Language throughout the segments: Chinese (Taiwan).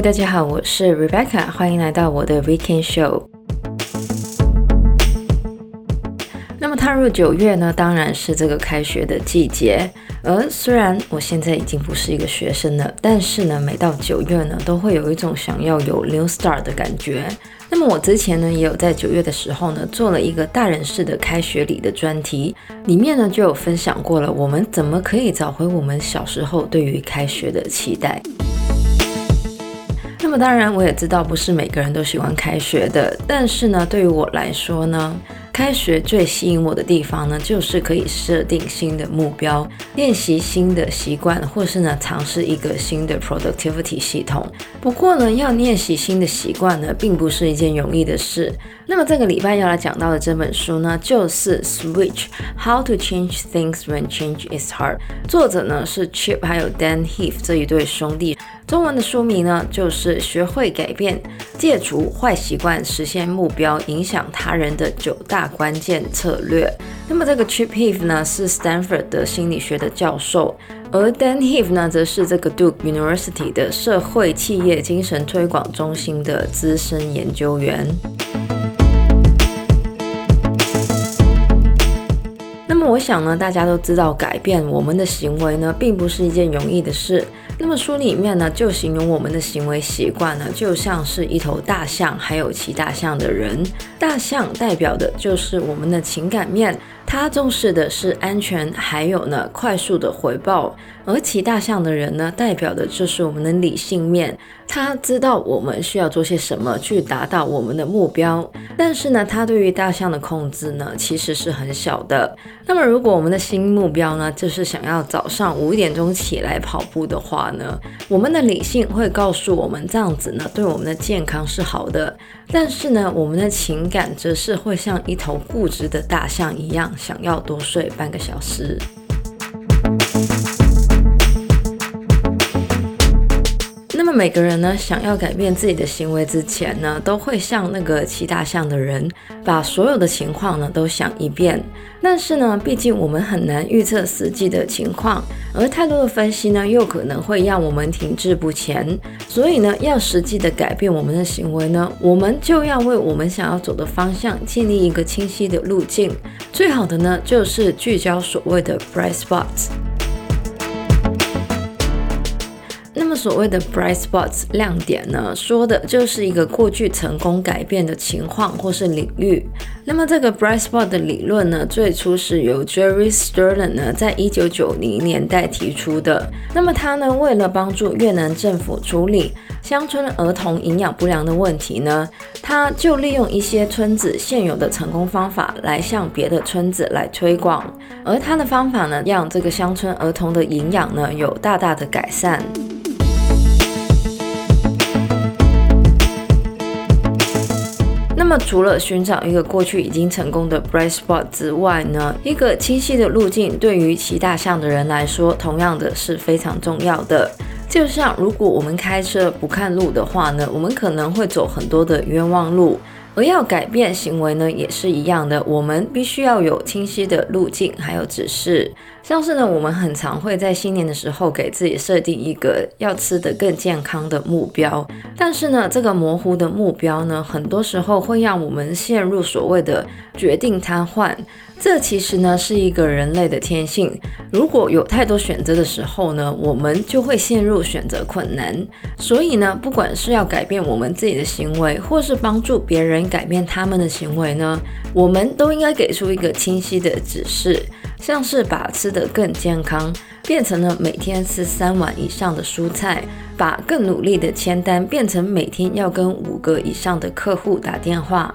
大家好，我是 Rebecca，歡迎來到我的 Weekend Show。那麼踏入九月呢，當然是這個開學的季節。而、嗯、雖然我現在已經不是一個學生了，但是呢，每到九月呢，都會有一種想要有 new start 的感覺。那麼我之前呢，也有在九月的時候呢，做了一個大人式的開學禮的專題，裡面呢就有分享過了，我們怎麼可以找回我們小時候對於開學的期待。那麼當然我也知道不是每個人都喜歡開學的，但是呢，對於我來說呢，開學最吸引我的地方呢，就是可以設定新的目標，練習新的習慣，或是呢嘗試一個新的 productivity 系統。不過呢，要練習新的習慣呢，並不是一件容易的事。那麼這個禮拜要來講到的這本書呢，就是《Switch: How to Change Things When Change Is Hard》，作者呢是 Chip 還有 Dan Heath 這一對兄弟。中文的書名呢，就是《學會改變：戒除壞習慣，實現目標，影響他人的九大》。關鍵策略。那麼，這個 Chip Heath 呢是 Stanford 的心理學的教授，而 Dan Heath 呢則是這個 Duke University 的社會企業精神推廣中心的資深研究員。講呢，大家都知道，改變我們的行為呢，並不是一件容易的事。那麼書裡面呢，就形容我們的行為習慣呢，就像是一頭大象，還有騎大象的人。大象代表的就是我們的情感面，它重視的是安全，還有呢，快速的回報。而騎大象的人呢，代表的就是我們的理性面，他知道我們需要做些什麼去達到我們的目標。但是呢，他對於大象的控制呢，其實是很小的。那麼，如果我們的新目標呢，就是想要早上五點鐘起來跑步的話呢，我們的理性會告訴我們這樣子呢，對我們的健康是好的。但是呢，我們的情感則是會像一頭固執的大象一樣，想要多睡半個小時。每個人呢，想要改變自己的行為之前呢，都會像那個騎大象的人，把所有的情況呢都想一遍。但是呢，畢竟我們很難預測實際的情況，而太多的分析呢，又可能會讓我們停滯不前。所以呢，要實際的改變我們的行為呢，我們就要為我們想要走的方向建立一個清晰的路徑。最好的呢，就是聚焦所謂的 bright spots。那麼所謂的 bright spots 亮點呢，說的就是一個過去成功改變的情況或是領域。那麼這個 bright spot 的理論呢，最初是由 Jerry Sterling 呢在1990年代提出的。那麼他呢，為了幫助越南政府處理鄉村兒童營養不良的問題呢，他就利用一些村子現有的成功方法來向別的村子來推廣，而他的方法呢，讓這個鄉村兒童的營養呢有大大的改善。那麼，除了尋找一個過去已經成功的 bright spot 之外呢，一個清晰的路徑對於騎大象的人來說，同樣的是非常重要的。就像如果我們開車不看路的話呢，我們可能會走很多的冤枉路。而要改變行為呢，也是一樣的。我們必須要有清晰的路徑，還有指示。像是呢，我們很常會在新年的時候給自己設定一個要吃得更健康的目標，但是呢，這個模糊的目標呢，很多時候會讓我們陷入所謂的決定癱瘓。這其實呢是一個人類的天性。如果有太多選擇的時候呢，我們就會陷入選擇困難。所以呢，不管是要改變我們自己的行為，或是幫助別人改變他們的行為呢，我們都應該給出一個清晰的指示，像是把吃得更健康變成了每天吃三碗以上的蔬菜，把更努力的簽單變成每天要跟五個以上的客戶打電話。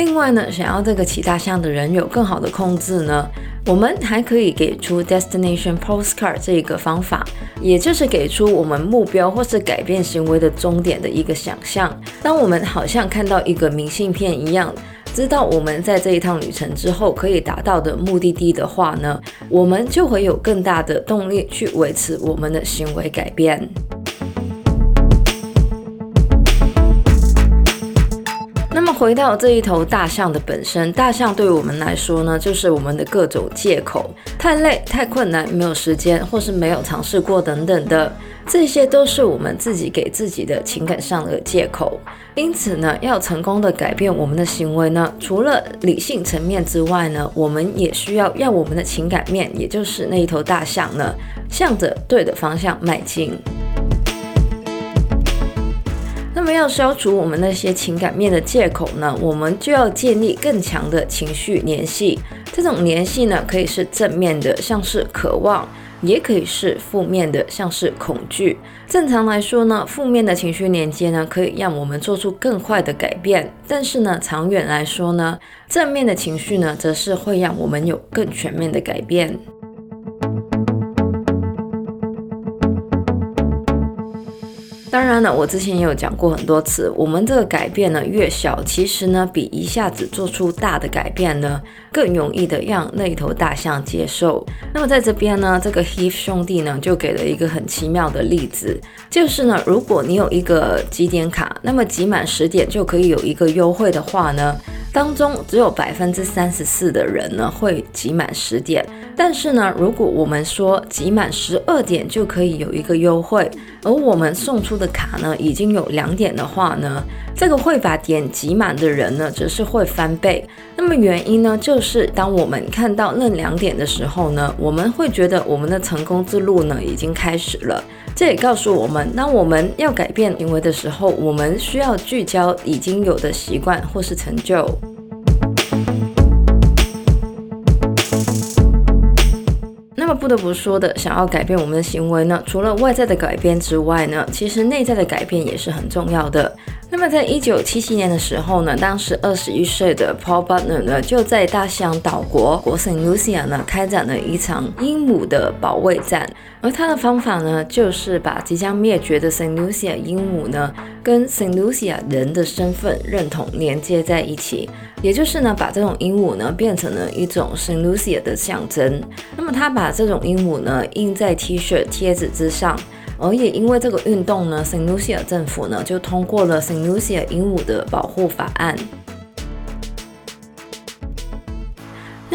另外呢，想要這個騎大象的人有更好的控制呢，我們還可以給出 destination postcard 這一個方法，也就是給出我們目標或是改變行為的終點的一個想象。當我們好像看到一個明信片一樣，知道我們在這一趟旅程之後可以達到的目的地的話呢，我們就會有更大的動力去維持我們的行為改變。回到這一頭大象的本身，大象對我們來說呢，就是我們的各種借口：太累、太困難、沒有時間，或是沒有嘗試過等等的，這些都是我們自己給自己的情感上的借口。因此呢，要成功的改變我們的行為呢，除了理性層面之外呢，我們也需要讓我們的情感面，也就是那一頭大象呢，向着對的方向邁進。那麼要消除我們那些情感面的借口呢？我們就要建立更強的情緒聯繫。這種聯繫呢，可以是正面的，像是渴望，也可以是負面的，像是恐懼。正常來說呢，負面的情緒連接呢，可以讓我們做出更快的改變。但是呢，長遠來說呢，正面的情緒呢，則是會讓我們有更全面的改變。當然了，我之前也有講過很多次，我們這個改變呢，越小，其實呢比一下子做出大的改變呢更容易的讓那頭大象接受。那麼在這邊呢，這個 Heath 兄弟呢就給了一個很奇妙的例子，就是呢，如果你有一個積點卡，那麼集滿十點就可以有一個優惠的話呢。當中只有百分之三十四的人呢會集滿十點，但是呢，如果我們說集滿十二點就可以有一個優惠，而我們送出的卡呢已經有兩點的話呢，這個會把點集滿的人呢則是會翻倍。那麼原因呢，就是當我們看到那兩點的時候呢，我們會覺得我們的成功之路呢已經開始了。這也告訴我們，當我們要改變行為的時候，我們需要聚焦已經有的習慣或是成就。不得不說的，想要改變我們的行為呢，除了外在的改變之外呢，其實內在的改變也是很重要的。那麼，在一九七七年的時候呢，當時二十一歲的 Paul Butler 呢，就在大西洋島國國聖盧西亞呢，開展了一場鸚鵡的保衛戰。而他的方法呢，就是把即將滅絕的聖盧西亞鸚鵡呢，跟聖盧西亞人的身份認同連接在一起，也就是呢，把這種鸚鵡呢，變成了一種聖盧西亞的象徵。那麼，他把這種鸚鵡呢，印在 T 恤貼紙之上。而也因為這個運動呢，聖露西亞政府呢，就通過了聖露西亞鸚鵡的保護法案。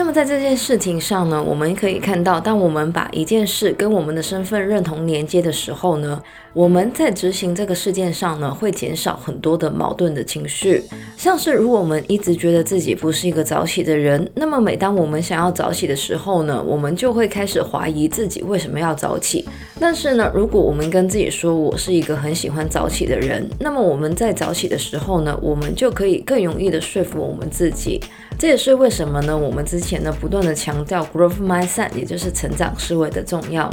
那麼在這件事情上呢，我們可以看到，當我們把一件事跟我們的身份認同連接的時候呢，我們在執行這個事件上呢，會減少很多的矛盾的情緒。像是如果我們一直覺得自己不是一個早起的人，那麼每當我們想要早起的時候呢，我們就會開始懷疑自己為什麼要早起。但是呢，如果我們跟自己說“我是一個很喜歡早起的人”，那麼我們在早起的時候呢，我們就可以更容易地說服我們自己。這也是為什麼呢？我們之前。不斷的強調 growth mindset，也就是成長思維的重要。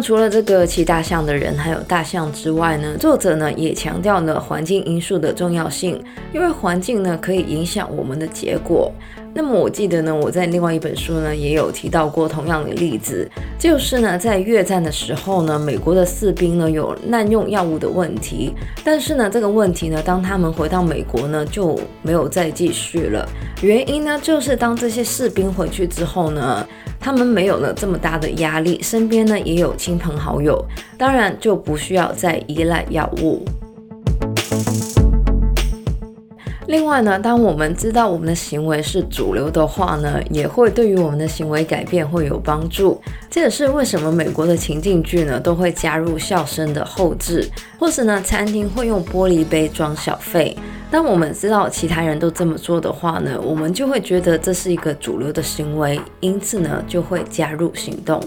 除了這個騎大象的人還有大象之外呢，作者呢也強調了環境因素的重要性，因為環境呢可以影響我們的結果。那麼我記得呢，我在另外一本書呢也有提到過同樣的例子，就是呢在越戰的時候呢，美國的士兵呢有濫用藥物的問題，但是呢這個問題呢，當他們回到美國呢就沒有再繼續了。原因呢就是當這些士兵回去之後呢。他們沒有了這麼大的壓力，身邊呢也有親朋好友，當然就不需要再依賴藥物。另外呢，當我們知道我們的行為是主流的話呢，也會對於我們的行為改變會有幫助。這也是為什麼美國的情境劇呢都會加入笑聲的後製，或是呢餐廳會用玻璃杯裝小費。當我們知道其他人都這麼做的話呢，我們就會覺得這是一個主流的行為，因此呢就會加入行動。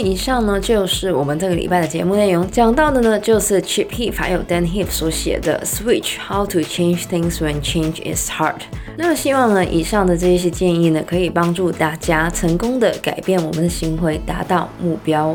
以上呢就是我們這個禮拜的節目內容，講到的呢就是 Chip Heath 還有 Dan Heath 所寫的 Switch: How to Change Things When Change Is Hard。那麼希望呢，以上的這一些建議呢，可以幫助大家成功地改變我們的行為，達到目標。